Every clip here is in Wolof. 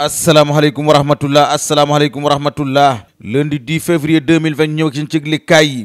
asalaamaaleykum wa rahmatullah asalaamaaleykum wa rahmatullah lundi 10 février 2020 ñëw ci yëglikaay yi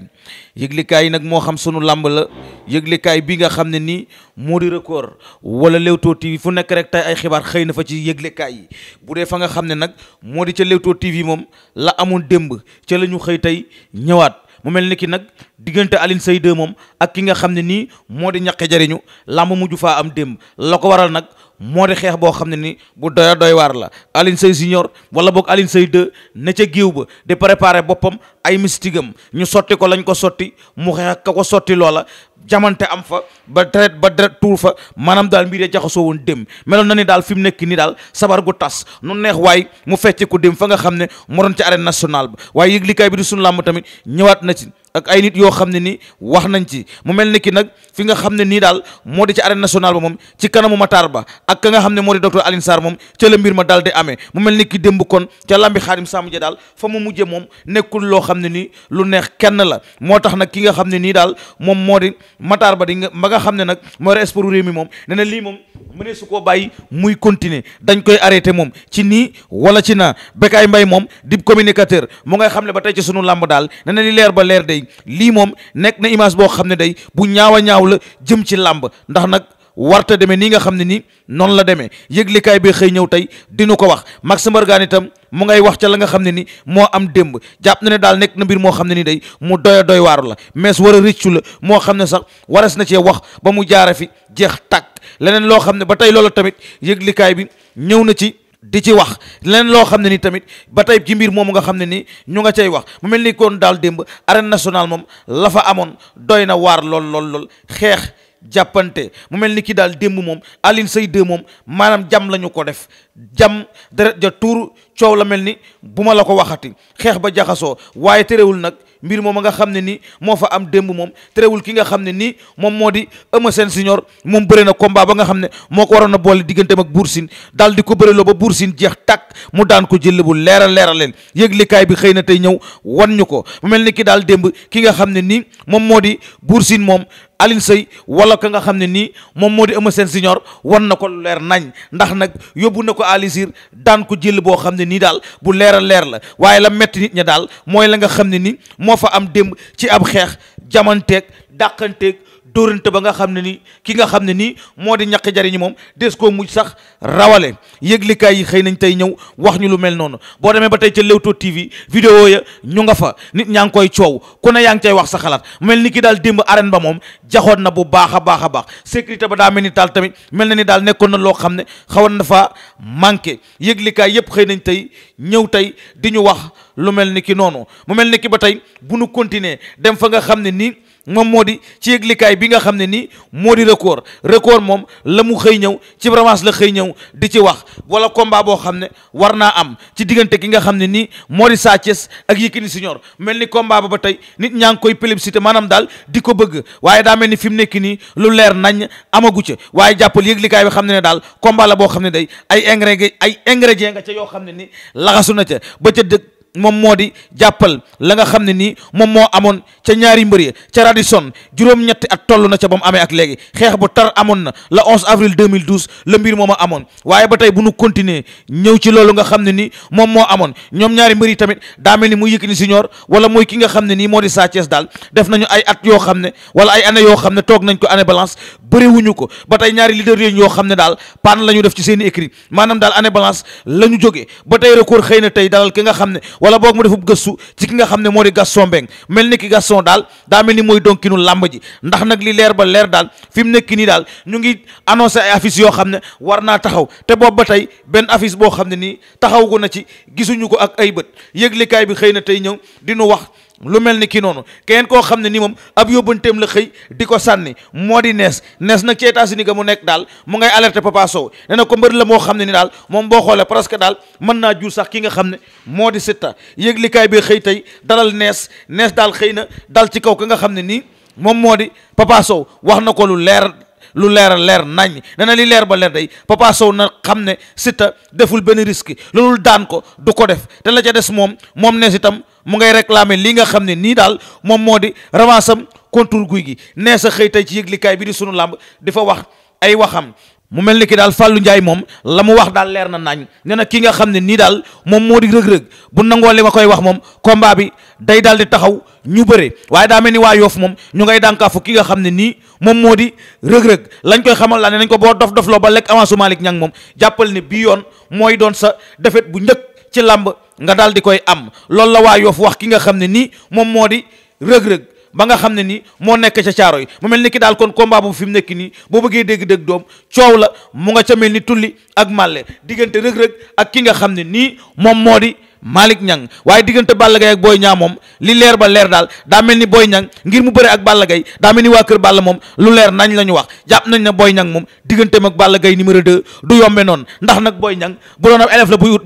yëglikaay yi nag moo xam sunu làmb la yëglikaay bi nga xam ne nii moo di record wala Leewtoo TV fu nekk rek tey ay xibaar xëy na fa ci yëglikaay yi bu dee fa nga xam ne nag moo di ca Leewtoo TV moom la amoon démb ca la ñu xëy tey ñëwaat mu mel ni ki nag diggante alin Seye 2 moom ak ki nga xam ne nii moo di ñaqe jariñu làmb mujj faa am démb la ko waral nag. moo di xeex boo xam ne ni bu doya doy waar la Alioune say junior wala boog alin Seye 2 ne ca giiw ba di préparer boppam ay mistigam ñu sotti ko lañ ko sotti mu xeex ka ko sotti loola jamante am fa ba deret ba deret tuur fa maanaam daal mbir ya jaxasoo woon dem meloon na ni daal fi mu nekk ni daal sabar gu tas nu neex waaye mu fecc ku dem fa nga xam ne moroon ci arène nationale ba waaye yëglikaay bi di sunu làmb tamit ñëwaat na ci ak ay nit yoo xam ne ni wax nañ ci mu mel ni ki nag fi nga xam ne nii daal moo di ca arène nationale ba moom ci kanamu Matar Ba ak ka nga xam ne moo di docteur Alioune Sarr moom ca la mbir ma daal di amee mu mel ni ki démb kon ca lambi xaadim sàmm ja daal fa mu mujje moom nekkul loo xam ne ni lu neex kenn la moo tax nag ki nga xam ne nii daal moom moo di Matar Ba di nga ma nga xam ne nag mooy espoir réew mi moom nee lii moom mënee su koo bàyyi muy continuer dañ koy arrêté moom ci nii wala ci naa Bécaye Mbaye moom di communicateur mu ngay xam ne ba tey ci sunu làmb daal nee na leer ba leer day lii moom nekk na image boo xam ne day bu ñaaw a ñaaw la jëm ci làmb ndax nag warta demee nii nga xam ne nii noonu la demee yëglikaay bi xëy ñëw tey dina ko wax Max Mbargane itam mu ngay wax ca la nga xam ne ni moo am démb jàpp na ne daal nekk na mbir moo xam ne ni day mu doy doy waaru la mees war a rëccu la moo xam ne sax warees na cee wax ba mu jaara fi jeex tàkk leneen loo xam ne ba tey loola tamit yëglikaay bi ñëw na ci di ci wax leneen loo xam ne ni tamit ba tey ci mbir moomu nga xam ne ni ñu nga cay wax mu mel ni kon daal démb arène national moom lafa amoon doy na waar lool lool lool xeex jàppante mu mel ni ki daal démb moom Alioune Seye 2 moom maanaam jam lañu ko def jam deret ja tuur coow la mel ni bu ma la ko waxati xeex ba jaxasoo waaye terewul nag mbir moom a nga xam ne nii moo fa am démb moom terewul ki nga xam ne nii moom moo di Eumeu Sène Senior moom bëre na combat ba nga xam ne moo ko waroon a boole diggante ak Bour Sine daal di ko bëreloo ba Bour Sine jeex tàkk mu daan ko jël bu leeral leeral leen yëglikaay bi xëy na tey ñëw wan ñu ko mu mel ni ki daal démb ki nga xam ne nii moom moo di Bour Sine moom alin Seye wala ka nga xam ne nii moom moo di ama Sène senior wan na ko leer nañ ndax nag yóbbu na ko alisir daan ko jël boo xam ne nii daal bu leer a leer la waaye la metti nit ña daal mooy la nga xam ne nii moo fa am démb ci ab xeex jamanteeg dàqanteeg dóorante ba nga xam ne ni ki nga xam ne nii moo di ñàkk jariñ moom des koo mujj sax rawale yëglikaay yi xëy nañ tey ñëw wax ñu lu mel noonu boo demee ba tey ca Leewtoo TV vidéo ya ñu nga fa nit ñaa ngi koy coow ku ne yaa ngi cay wax sa xalaat mel ni ki daal démb arène ba moom jaxoon na bu baax a baax a baax sécurité ba daa mel ni daal tamit mel na ni daal nekkoon na loo xam ne xawoon na fa manqué yëglikaay yépp xëy nañ tey ñëw tey di ñu wax lu mel ni ki noonu mu mel ni ki ba tey bu nu continuer dem fa nga xam ne nii moom moo di ci yëglikaay bi nga xam ne nii moo di record record moom la mu xëy ñëw ci revanche la xëy ñëw di ci wax wala combat boo xam ne war naa am ci diggante ki nga xam ne nii moo di Sa Thiès ak Yékini Senior mel ni combat ba ba tey nit ñaa ngi koy plébiscité maanaam daal di ko bëgg waaye daa mel ni fi mu nekk nii lu leer nañ amagu ca waaye jàppal yëglikaay bi xam ne ne daal combat la boo xam ne day ay ingrédients ay ingrédients nga ca yoo xam ne nii laxasu na ca ba ca dëkk moom moo di jàppal la nga xam ne nii moom moo amoon ca ñaari mbër ya ca Radisson juróom-ñetti at toll na ca ba mu amee ak léegi xeex bu tar amoon na le 11 avril 2012 la mbir mooma amoon waaye ba tey bu nu continuer ñëw ci loolu nga xam ne nii moom moo amoon ñoom ñaari mbër yi tamit daa mel ni muy Yékini Senior wala mooy ki nga xam ne nii moo di Sa Thiès daal def nañu ay at yoo xam ne wala ay anne yoo xam ne toog nañ ko année balance bëriwuñu ko ba tey ñaari leader yooyu yoo xam ne daal paan la ñu def ci seen i maanaam daal année balance la ñu jógee ba tey xëy na tey dalal ki nga xam ne wala boog mu defub gëstu ci ki nga xam ne moo di Gaston Mbengue mel ni ki Gaston daal daa mel ni mooy donkinu làmb ji ndax nag li leer ba leer daal fi mu nekk nii daal ñu ngi annoncé ay affiches yoo xam ne war naa taxaw te boobu ba tey benn affice boo xam ne nii taxaw gu na ci gisuñu ko ak ay bët yëglikaay bi xëy na tey ñëw dinu wax lu mel ni kii noonu keneen koo xam ne nii moom ab yóbbanteem la xëy di ko sànni moo di nees nees nag ci États-Unis ga mu nekk daal mu ngay alerté Papa Sow nee na ko mbër la moo xam ne ni daal moom boo xoolee presque daal mën naa jur sax ki nga xam ne moo di sitta yëglikaay bi xëy tey dalal nees nees daal xëy na dal ci kaw ka nga xam ne nii moom moo di Papa Sow wax na ko lu leer lu leeral leer nañ ne na li leer ba leer day Papa Sow na xam ne Siteu deful benn risque loolu daan ko du ko def te la ca des moom moom nees itam mu ngay réclamer li nga xam ne nii daal moom moo di revanche am contre guy gi nee sa xëy tey ci yëglikaay bi di sunu làmb di fa wax ay waxam mu mel ni ki daal Fallou Ndiaye moom la mu wax daal leer na naañ ne na kii nga xam ne nii daal moom moo di rëg-rëg bu nangoo li ma koy wax moom combat bi day daal di taxaw ñu bëre waaye daa mel ni waa yoof moom ñu ngay dànkaafu ki nga xam ne nii moom moo di rëg lañ koy xamal laa ne nañ ko boo dof dof ba lekk avance Malick Niang moom jàppal ne bii yoon mooy doon sa defet bu njëkk ci làmb nga daal di koy am loolu la waa yoof wax ki nga xam ne nii moom moo di rëg-rëg ba nga xam ne nii moo nekk ca caaro yi mu mel ni ki daal kon combat bu fi mu nekk nii boo bëggee dégg-dégg doom coow la mu nga ca mel ni tulli ak màlle diggante rëg-rëg ak ki nga xam ne nii moom moo di Malick Niang waaye diggante Balla Gaye ak Boy Niang moom li leer ba leer daal daa mel ni booy Niang ngir mu bëre ak Balla gay daa mel ni waa kër Balla moom lu leer nañ la ñu wax jàpp nañ ne booy Niang moom digganteem ak Balla gay numéro 2 du yombe noonu ndax nag Boy Niang bu doon am élève la buy ut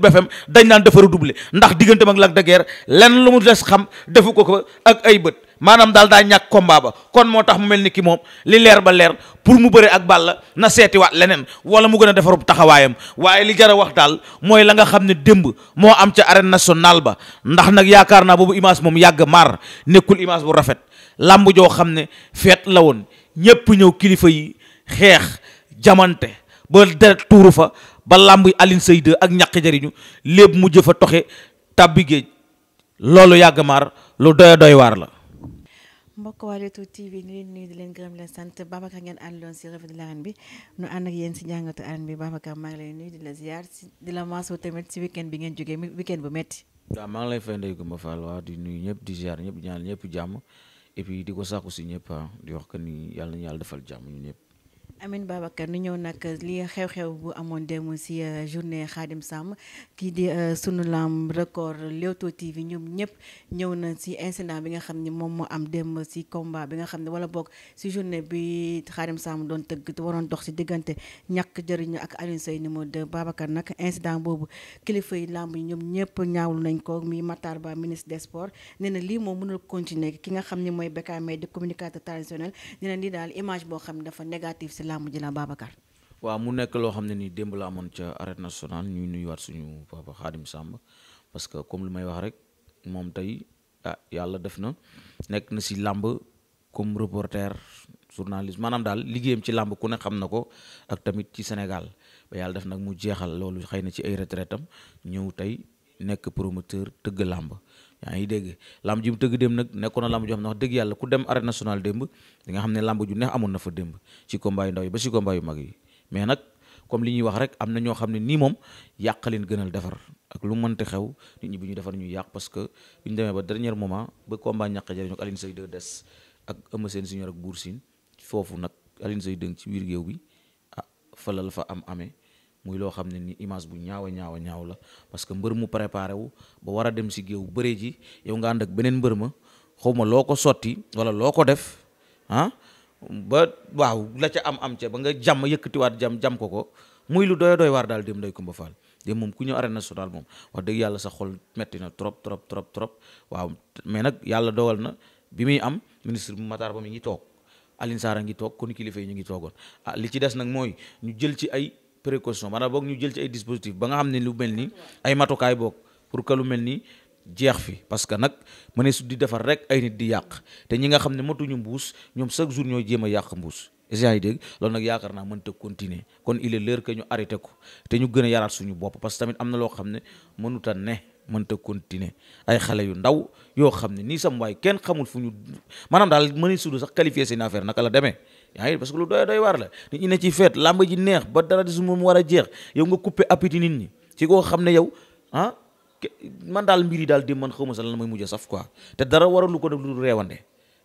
dañ naan dafa redoubler ndax digganteem ak Lac de Guiers lenn lu mu xam defu ko ko ak ay bët maanaam daal daa ñàkk kombaa ba kon moo tax mu mel ni ki moom li leer ba leer pour mu bëre ak Balla na seetiwaat leneen wala mu gën a defarub taxawaayam waaye li jar a wax daal mooy la nga xam ne démb moo am ca arène nationale ba ndax nag yaakaar naa boobu image moom yàgg maar nekkul image bu rafet làmb joo xam ne feet la woon ñépp ñëw kilifa yi xeex jamante ba deret tuuru fa ba làmb Alioune Seye 2 ak ñaq jariñu lépp mu jëfa toxe tàbbi géej loolu yàgg lu doy la mbokk waa Leewtoo TV ni leen nuyu di leen gërëm leen sant Babacar ngeen àndoon si revue de l'arène bi nu ànd ak yéen si jàngatu arène bi Babacar maa ngi lay nuyu di la ziar di la maasoo tamit si weekend bi ngeen jógee weekend bu metti waaw maa ngi lay fay Ndeye Goumba Fall di nuyu ñëpp di ziar ñëpp ñaan ñëpp jàmm et di ko sàkku si ñëpp ah, di wax que ni yàlla na yàlla defal jàmm ñu ñëpp Amin Babacar nu ñëw nag li xew-xew bu amoon dem si euh, journée Khadim Samb kii di euh, sunu lamb record Leewtoo TV ñoom ñëpp ñëw na ci incident bi nga xam ne moom moo am dem ci combat bi nga xam ne wala boog ci journée bi Khadim Samb doon tëgg te waroon dox ci diggante ñàkk jëriñu ak Alioune Seye numéro 2 Babacar nag incident boobu kilifa yi yi ñoom ñëpp ñaawlu nañ ko mi Matar Ba ministre des sports nee na lii moom mënul continuer ki nga xam ni mooy Bécaye Mbaye di communicateur traditionnel nee na lii daal image boo xam ne dafa négatif ci làmb ji la Babacar. waaw mu nekk loo xam ne nii démb la amoon ca arène nationale ñuy waat suñu papa Xaadim Samb parce que comme lu may wax rek moom tey ah yàlla def na nekk na si làmb comme reporter journaliste maanaam daal liggéeyam ci làmb ku ne xam na ko ak tamit ci Sénégal yàlla def nag mu jeexal loolu xëy na ci ay retraitam ñëw tey nekk promoteur tëgg làmb yaa ngi dégg lamb ji mu tëgg dem nag nekkoon na lamb joo xam ne wax dëgg yàlla ku dem arène nationale démb di xam ne làmb ju neex amoon na fa démb ci combat yu ndaw yi ba ci combat yu mag yi mais nag comme li ñuy wax rek am na ñoo xam ne nii moom yàq leen gënal defar ak lu mënti xew nit ñi bi ñu defar ñu yàq parce que bi ñu demee ba dernier moment ba combat ñàkk jariñu ak Alioune Seye 2 des ak Eumeu Sène Junior ak Bour Sine foofu nag Alioune Seye 2 ci biir géew bi ah falal fa am amee muy loo xam ne ni image bu ñaaw a ñaaw a ñaaw la parce que mbër mu préparé wu ba war a dem si géew bëree ji yow nga ànd ak beneen mbër ma xaw ma loo ko sotti wala loo ko def ah ba waaw la ca am am ca ba nga jàmm yëkkatiwaat jam jàmm ko ko muy lu doy doy waar daal dem day Kumba Faal dem moom ku ñëw arène nationale moom wax dëgg yàlla sa xol metti na trop trop trop trop waaw mais nag yàlla dogal na bi muy am ministre bu Matar Ba mi ngi toog Alioune Sarr a ngi toog kon kilifa yi ñu ngi toogoon ah, précaution maanaam boog ñu jël ci ay dispositif ba nga xam ne lu mel ni ay matukaay boog pour que lu mel ni jeex fi parce que nag mënee su di defar rek ay nit di yàq te ñi nga xam ne matuñu mbuus ñoom chaque jour ñooy jéem a yàq mbuus yaa loolu nag yaakaar naa mënta continuer kon il est que ñu arrêté ko te ñu gën a yaraat suñu parce que tamit am na loo xam ne mënuta ne mënta continuer ay xale yu ndaw yoo xam ne nii sam waay kenn xamul fu ñu maanaam daal mënee sudu sax qualifier seen affaire naka la demee yaa ngi parce que lu doy doy waar la nit ñi ne ci feet làmb ji neex ba dara di su moom war a jeex yow nga coupé appétit nit ñi ci koo xam ne yow ah daal mbir yi daal di man xaw ma sa lan mooy mujj saf quoi te dara waralu ko def lu reewande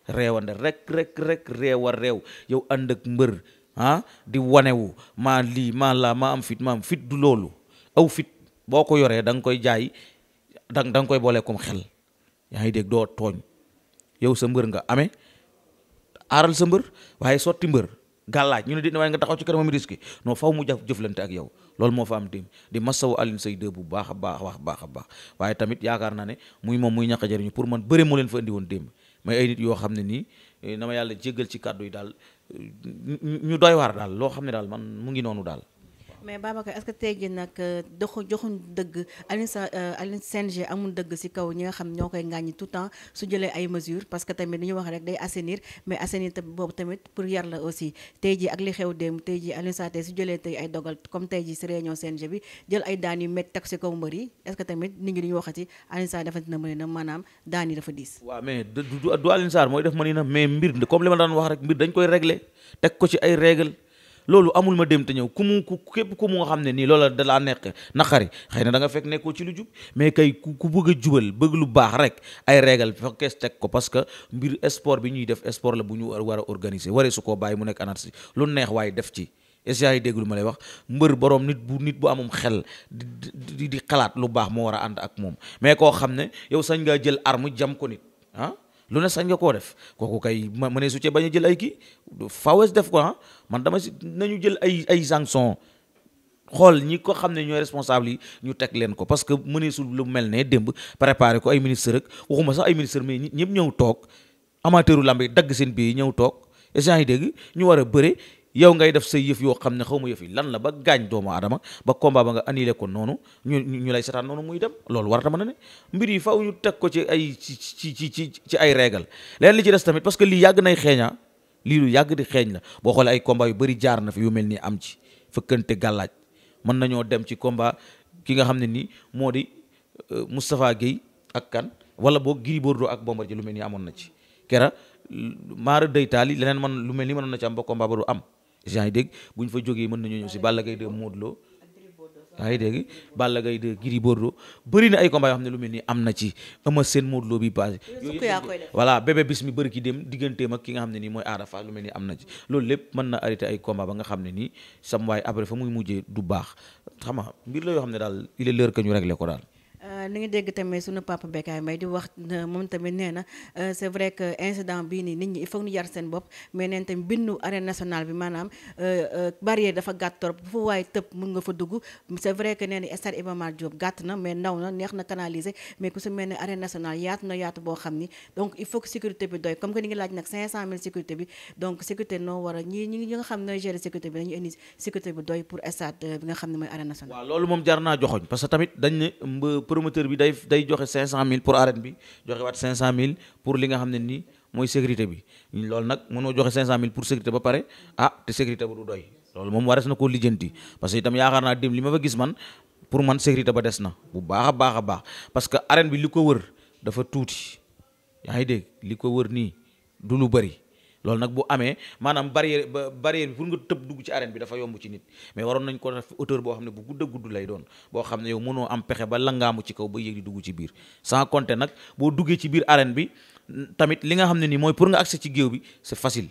reewande rek rek rek reewa reew yow ànd ak mbër ah di wanewu maa lii maa laa maa am fit maa am fit du loolu aw fit boo ko yoree da nga koy jaay da da koy boole comme xel yaa ngi dégg doo tooñ yow sa mbër nga ame aaral sa mbër waaye sotti mbër gàllaaj ñu ne dina waaye nga taxaw ci kanamam risque non faw mu jaf jëflante ak yow loolu moo fa am dem di masawu Alioune Seye 2 bu baax a baax baax a baax waaye tamit yaakaar naa ne muy moom muy ñàkk a pour man bëri moo leen fa indi woon démb mais ay nit yoo xam ne nii eh, na ma yàlla jéggal ci kàddu yi daal eh, ñu dooy waar daal loo xam ne daal man mu ngi noonu daal mais baaba est-ce que tey jii nag euh, doxu joxuñ dëgg Alioune sa euh, Alioune CNG amul dëgg ci kaw ñi nga xam ñoo koy ŋàññi tout temps su jëlee ay mesures parce que tamit li ñu wax rek day assainir mais assainir boobu tamit pour yar la aussi tey ak li xew tey jii Alioune Sarr tey su ay dogal comme tey jii ci réunion CNG bi jël ay daan yu métti teg ci kaw mbër yi est-ce que tamit nit ñi li na maanaam daan dafa diis. waaw mais du du Alioune Sarr mooy def mën na mais mbir comme li ma daan wax rek mbir dañ koy régler teg ko ci ay règle loolu amul ma dem te ñëw ku mu ku képp ku mu nga xam ne nii loola da nekk naqari xëy na da nga fekk nekkoo ci lu jub mais kay ku bëgg a jubal bëgg lu baax rek ay régal fekkees teg ko parce que mbir sport bi ñuy def sport la bu ñu war a organiser waree su koo bàyyi mu nekk anarchie lu neex waaye def ci essaye yi dégg lu ma lay wax mbër boroom nit bu nit bu amum xel di di xalaat lu baax moo war a ànd ak moom mais koo xam ne yow sañ ngaa jël arme jam ko nit ah lu ne sañ nga koo def kooku kay mënee su cee bañ a jël ay kii fawees def ko ah man dama si nañu jël ay ay sanction xool ñi ko xam ne ñooy responsable yi ñu teg leen ko parce que mëneesul lu mel ne démb préparé ko ay ministre rek waxuma sax ay ministre mais ñëpp ñëw toog amateuru lamb yi dagg seen biir ñëw toog échange yi dégg ñu war a bëre yow ngay def say yëf yoo xam ne xaw ma yëf yi lan la ba gaañ doomu aadama ba komba ba nga annulé ko noonu ñu ñu lay setaan noonu muy dem loolu war ma a ne mbir yi faw ñu teg ko ci ay ci ci ci ci ci ay régal leen li ci des tamit parce que lii yàgg nay xeeñaa lii lu yàgg di xeeñ la boo xoolee ay yu bëri jaar fi yu mel nii am ci fëkkante gàllaaj mën nañoo dem ci combat ki nga xam ne nii moo di euh, Moustapha Guèye ak kan wala boo Gris Bordeaux ak Bombardier lu mel nii amoon na ci kera maara day taali leneen man lu mel nii mënoon na ci am ba combat ba du am yaa ngi dégg bu fa jogee mën nañoo ñëw si Balla gay 2 Modou Lo yaa ngi dégg Balla Gaye 2 Gris Bordeaux bëri na ay combat yoo xam ne lu mel ni am na ci Eumeu Sène Modou Lo bi passé voilà bébé bis mi bëri ki dem digganteem ak ki nga xam ne nii mooy Ada Fass lu mel ni am na ci loolu lépp mën na arrêté ay combat ba nga xam ne nii sam waaye après fa muy mujjee du baax xam nga mbir la yoo xam ne daal il est l'heure que ñu réglé ko daal li euh, nga dégg tamit sunu papa Bécaye Mbaye di wax moom tamit nee na euh, c'est vrai que incident bii nii nit ñi il faut ñu yar seen bopp mais neen tamit bi maanaam euh, barrière bi doy pour stade bi nga xam ne mooy arène nationale waaw loolu moom jar naa joxoñ parce que tamit dañ ne promoteur bi day day joxe 500000 pour arène bi joxe waat 500000 pour li nga xam ne nii mooy sécurité bi loolu nag mënoo joxe mille pour sécurité ba pare ah te sécurité ba du doy loolu moom warees na koo lijjanti parce que itam yaakaar naa dem li ma fa gis man pour man sécurité ba des na bu baax a baax a baax parce que arène bi li ko wër dafa tuuti yaa ngi dégg li ko wër nii du lu bëri loolu nag bu amee maanaam barrière barrière bi pour nga tëb dugg ci arène bi dafa yomb ci nit mais waroon nañ ko def hauteur boo xam ne bu gudd a gudd lay doon boo xam ne yow mënoo am pexe ba langaamu ci kaw ba yéeg di dugg ci biir sans compter nag boo duggee ci biir arène bi tamit li nga xam ne nii mooy pour nga accès ci géew bi c'est facile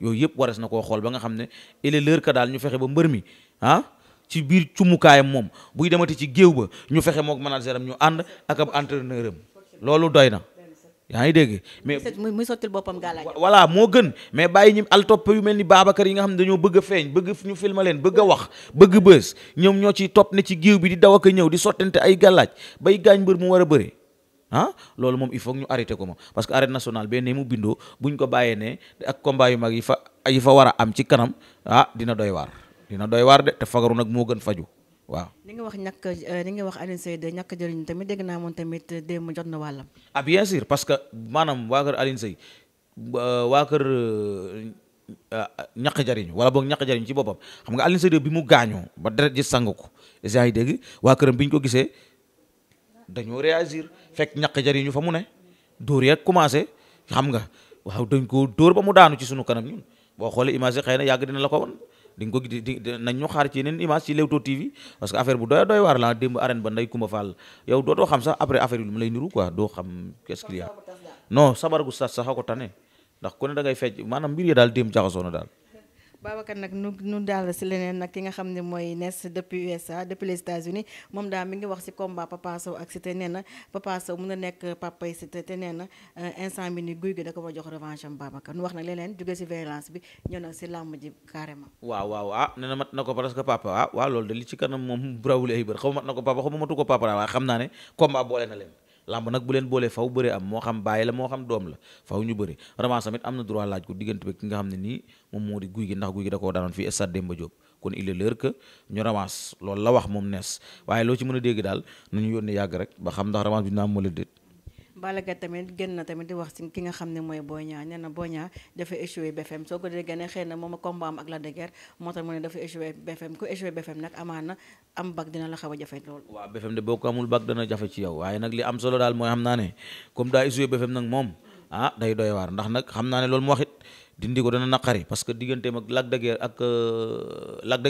yooyu yëpp wares na koo xool ba nga xam ne il est daal ñu fexe ba mbër mi ah ci biir cummukaayam moom buy demati ci géew ba ñu fexe mook manager am ñu ànd ak ab am loolu doy na yaa ngi dégg mais muy sottil boppam gàllaaj voilà moo gën mais bàyyi ñi al topp yu mel ni Babacar yi nga xam ne dañoo bëgg a feeñ bëgg ñu filma leen bëgg a wax bëgg bës ñoom ñoo ci topp ne ci géew bi di daw ak a ñëw di sottante ay gàllaaj bay gaañ mbër mu war a bëre ah loolu moom il faut ñu arrêté ko ma parce que arène nationale benn mu bindoo ñu ko bàyyee ne ak combat yu mag yi fa yi fa war a am ci kanam ah dina doy waar dina doy waar de te fagaru nag moo gën faju waaw li nga wax ñàkk euh, li nga wax Alioune Seye de tamit dégg naa moom tamit démb jot na wàllam ah bien sûr parce que maanaam waa kër Alioune Seye euh, waa kër euh, ñàkk jariñu wala boog ñàkk jariñu ci boppam xam nga Alioune Seye de bi mu gaañoo ba deret ji sang ko yaa ngi dégg waa kër bi ñu ko gisee dañoo réagir fekk ñàkk jariñu fa mu ne dóor ya commencé xam nga waaw dañ ko dóor ba mu daanu ci sunu kanam ñun boo xoolee image yi xëy na yàgg dina la ko won di nga ko di nañ ñu xaar ci yeneen image ci Leewtoo TV parce que affaire bu doy doy waar la démb arène ba nday Kumba Fall yow dootoo xam sax après affaire lu mu lay niru quoi doo xam qu'est-ce qu'il y a non sabar gu sas sax a ko tane ndax ku ne da ngay fecc maanaam mbir yi daal démb jaxasoo na daal Babacar nag nu nu daal si leneen nag ki nga xam ne mooy Ness depuis USA depuis les États-Unis moom daal mi ngi wax si combat Papa Sow ak Siteu nee na Papa Sow mun a nekk papay Siteu te nee na euh, instant bi ni guy gi da ko jox revanche am Babacar nu wax nag leneen jóge si violence bi ñëw nag si làmb ji carrément. waaw waaw ah nee mat na ko parce que papa ah waaw loolu de li ci kanam moom bu na ko papa xaw waaye xam naa ne combat boole na leen. làmb nag bu leen boolee faw bëre am moo xam bàyyi la moo xam doom la faw ñu bëre revanche tamit am na droit laaj ko diggante bi ki nga xam ne nii moom moo di guy gi ndax guy gi da koo daanoon fii stade Demba Diop kon il est l'heure ñu revanche loolu la wax moom nees waaye loo ci mën a dégg daal nañu yónnee yàgg rek ba xam ndax revanche bi dina am wala déet Balla Gaye tamit génn na tamit di wax si nga xam ne mooy Boy Niang nee na Boy Niang dafa échoué soo ko déggee ne xëy na moom combat a jafe boo ko amul bac dana jafe ci yow waaye nag li am solo daal mooy xam naa ne comme daa échoué BFM nag moom ah, xam naa ne loolu mu wax ko dana naqari parce que digganteem ak Lac de Guiers ak euh, Lac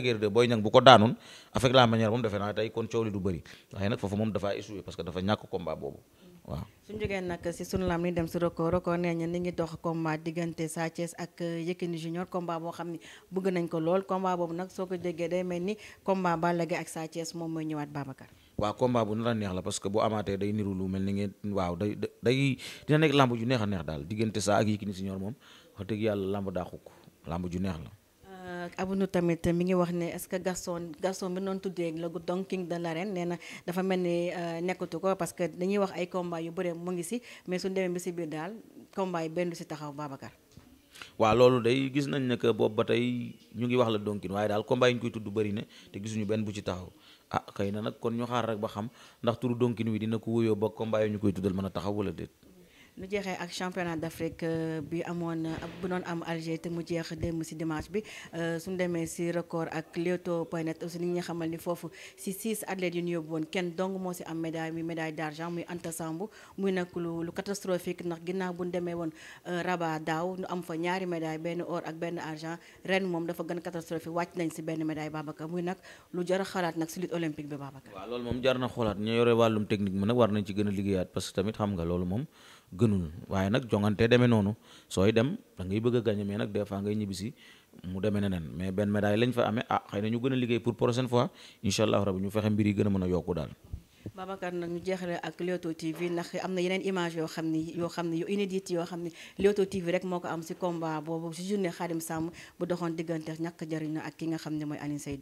bu ko daanoon avec la manière moom defe naa tey kon coow parce que dafa ñàkk combat boobu waaw su jógee nag si sunu lam ni dem si record record nee ña ni ngi dox combat diggante Sa Thiès ak euh, Yékini Junior combat boo xam ne bëgg nañ ko lool combat boobu nag soo ko jegee day mel ni combat Balla Gaye ak Sa Thiès moom mooy ñëwaat Babacar waaw combat bu nar a neex la parce que boo amaatee day niru lu mel ni ngeen waaw day day dina nekk lamb ju neex a neex daal diggante saa ak Yékini Junior moom wax dëgg yàlla lamb daa xukk lamb ju neex la Euh, abunu tamit mi ngi wax ne est-ce que Gaston Gaston bi noonu tuddee la Don King de l'arène nee na dafa mel ni euh, nekkatu ko parce que dañuy wax ay combat yu bëre mu ngi si mais su demee bi si biir daal combat benn du si taxaw Babacar. waaw loolu de gis nañ ne que boobu ba tey ñu ngi wax la Don King waaye daal combat yi ñu koy tudd bëri na te gisuñu benn bu ci taxaw ah xëy na nag kon ñu xaar rek ba xam ndax turu Don wi dina ko wuyoo ba combat yi ñu koy tuddal mën a taxaw wala déet. nu jeexee ak championnat d'Afrique euh, bi amoon euh, bu doon am Alger te mu jeex démb ci dimanche bi su euh, suñu demee ci record ak Leewtoo point net aussi ni nga xamal ni foofu ci six athlètes yu ñu yóbbu woon kenn dong moo ci am médaille muy médaille d'argent muy Anta Samb muy nag lu lu catastrophique ndax ginnaaw bu ñu demee woon Rabat daaw nu am fa ñaari médaille benn or ak benn argent ren moom dafa gën catastrophique wàcc nañ ci benn médaille Babacar muy nag lu jar a xalaat nag ci lutte olympique bi Babacar. waaw loolu moom jar na xoolaat a liggéeyaat loolu moom gënul waaye nag jongante demee noonu sooy dem da ngay bëgg a gagné mais nag des fois ngay ñibbisi mu demee neneen mais benn médaille lañ fa amee ah xëy na ñu gën a liggéey pour prochaine fois incha allah ñu fexe mbir yi gën a mën a yokku daal. Babacar nag ñu jeexale ak Leewtoo yoo xam ni yoo xam ni yu yoo xam ni Leewtoo TV rek moo ko am si combat boobu si journée Khadim Samb na ak ki nga xam ne mooy Alioune Seye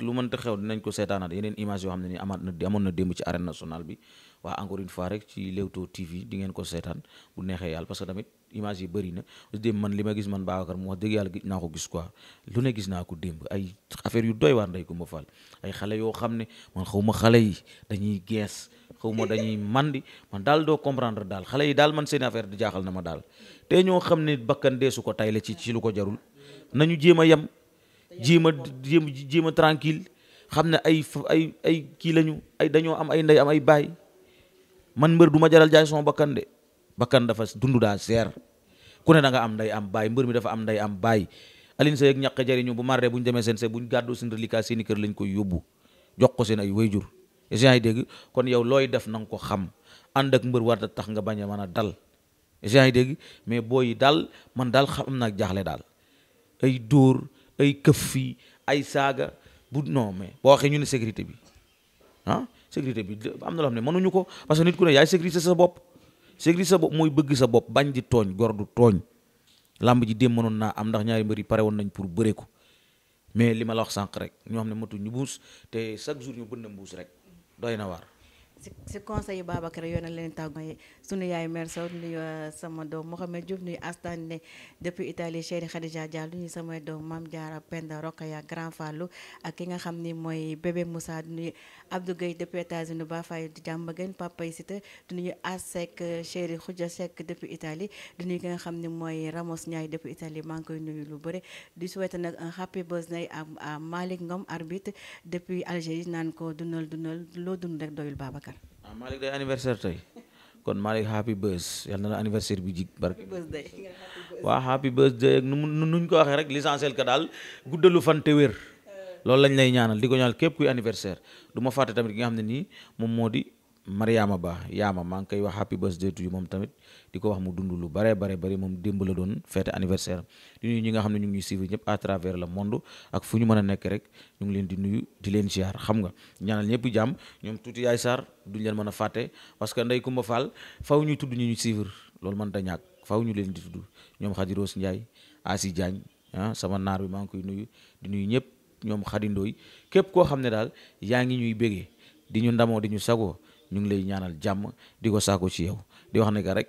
lu mënta xew dinañ ko seetaanaat yeneen image yoo xam ne ni amaat na amoon na démb ci arène nationale bi waa encore une fois rek ci Leewtoo TV di ngeen ko seetaan bu neexee yàlla parce que tamit image yi bëri na démb man li ma gis man Babacar mu wax dëgg yàlla gis naa ko gis quoi lu ne gis naa ko démb ay affaire yu doy waar nday ko ma fal ay xale yoo xam ne man xaw ma xale yi dañuy gees xaw ma dañuy mandi man daal doo comprendre daal xale yi daal man seen affaire di jaaxal na ma daal te ñoo xam ne bakkan deesu ko tay la ci ci lu ko jarul nañu jéem a yem jéem a jéem jéem a tranquille xam ne ay ay ay kii lañu ay dañoo am ay ndey am ay baay man mbër du ma jaral jaay sama bakkan de bakkan dafa dund daa seer ku ne da nga am nday am baay mbër mi dafa am nday am baay Alioune Seye ak ñàkk jariñu bu marre bu ñu demee seen se bu ñu gàddoo seen reliquat seeni kër lañ koy yóbbu jox ko seen ay wayjur yaa ngi dégg kon yow looy def na nga ko xam ànd ak mbër war tax nga bañ a mën a dal yaa ngi dégg mais booy yi daal man daal xam naa jaaxle daal ay dóor ay këf fii ay saaga bu non mais boo waxee ñu ne sécurité bi ah? sécurité bi am na loo xam ne mënuñu ko parce que nit ku ne yaay sécurité sa bopp sécurité sa bopp mooy bëgg sa bopp bañ di tooñ gor du tooñ làmb ji dem mënoon naa am ndax ñaari mbër yi pare woon nañ pour bëre ko mais lima la wax sànq rek ñoo xam ne matuñ ñu buus te chaque jour ñu bënn mbuus rek doy na waar si si conseil yu Babacar yoo na leen yi sunu yaay merso Sow euh, sama doom Mouhamed Diouf nuyu Astane ne depuis Italie Chéri Khadija Diallo nuyu samay doom maam Diarra Penda Rokhaya Grand Fallou ak ki nga xam ni mooy bébé Moussa nuyu Abdou Gueye depuis États-Unis ba Faye Diambaguène Papa Isita nuyu Asek euh, Chéri Khoudia Seck depuis itali nuyu ki nga xam ni mooy Ramos Ndiaye depuis Italie maa ngi koy nuyu lu bëri di souhaiter nag un happy birthday à Malick Ngom arbitre depuis Algérie naan ko dundal dundal loo dund rek doyul ah Malick day anniversaire tey kon Malick happy birthday yal na la anniversaire bi jig barke waa happy birthday ak nu mu nuñ ko waxee rek l'essentiel que daal guddalu fan wér euh. loolu lañ lay ñaanal di ko ñaanal képp kuy anniversaire du fàtte tamit nga xam ne nii moom moo di Mariama Ba yaama maa ngi koy wax happy birthday to you moom tamit di ko wax mu dund lu bare bare bari moom démb la doon fête anniversaire di nuyu ñi nga xam ne ñu ngi suivre ñëpp à travers le monde ak fu ñu mën a nekk rek ñu ngi leen di nuyu di leen ziar xam nga ñaanal ñëpp jàmm ñoom tuuti yaay Sarr duñ leen mën a fàtte parce que Ndeye Coumba Fall faw ñu tudd ñu ñu loolu mën ta ñàkk faw ñu leen di tudd ñoom Khady Rose Ndiaye Asi Diagne ah sama naar bi maa koy nuyu di nuyu ñëpp ñoom Khady Ndoye képp koo xam ne daal yaa ngi ñuy bégee di ñu ndamoo di ñu sagoo ñu ngi lay ñaanal jàmm di ko saako ci yow di wax ne que rek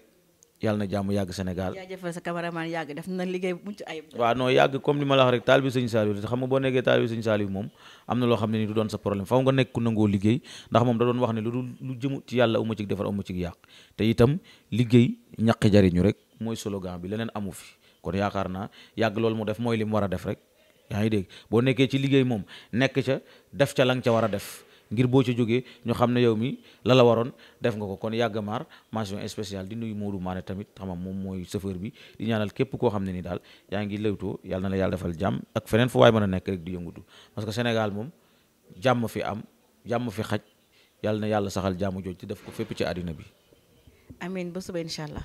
yàlla na jàmm yàgg Sénégal. jaajëfal sa cameraman yàgg def na liggéey bu mucc ayib. waaw non comme li ma la wax rek taalibe sa Saliou xam nga boo nekkee taalibe moom am na loo xam ne ni du doon sa problème faaw nga nekk ku nangoo liggéey ndax moom da doon wax ne lu dul lu jëmu ci yàlla uma ci defar uma ci yàq te itam liggéey ñaqi jariñu rek mooy slogan bi leneen amu fi kon yaakaar naa yàgg loolu mu def mooy li mu war a def rek yaa ngi dégg boo nekkee ci liggéey moom nekk ca def ca la nga ca war a def ngir boo ci jógee ñu xam ne yow mi la la waroon def nga ko kon yàgg maar mention spéciale di nuyu Modou Mané tamit xamam moom mooy chauffeur bi di ñaanal képp koo xam ne ni daal yaa ngi Leewtoo yàlla na la yàlla defal jàmm ak feneen fu waay mën a nekk rek di yëngutu parce que Sénégal moom jàmm fi am jàmm fi xaj yàlla na yàlla saxal jàmm jooj ci def ko fépp ci àddina bi amiin ba suba incha allah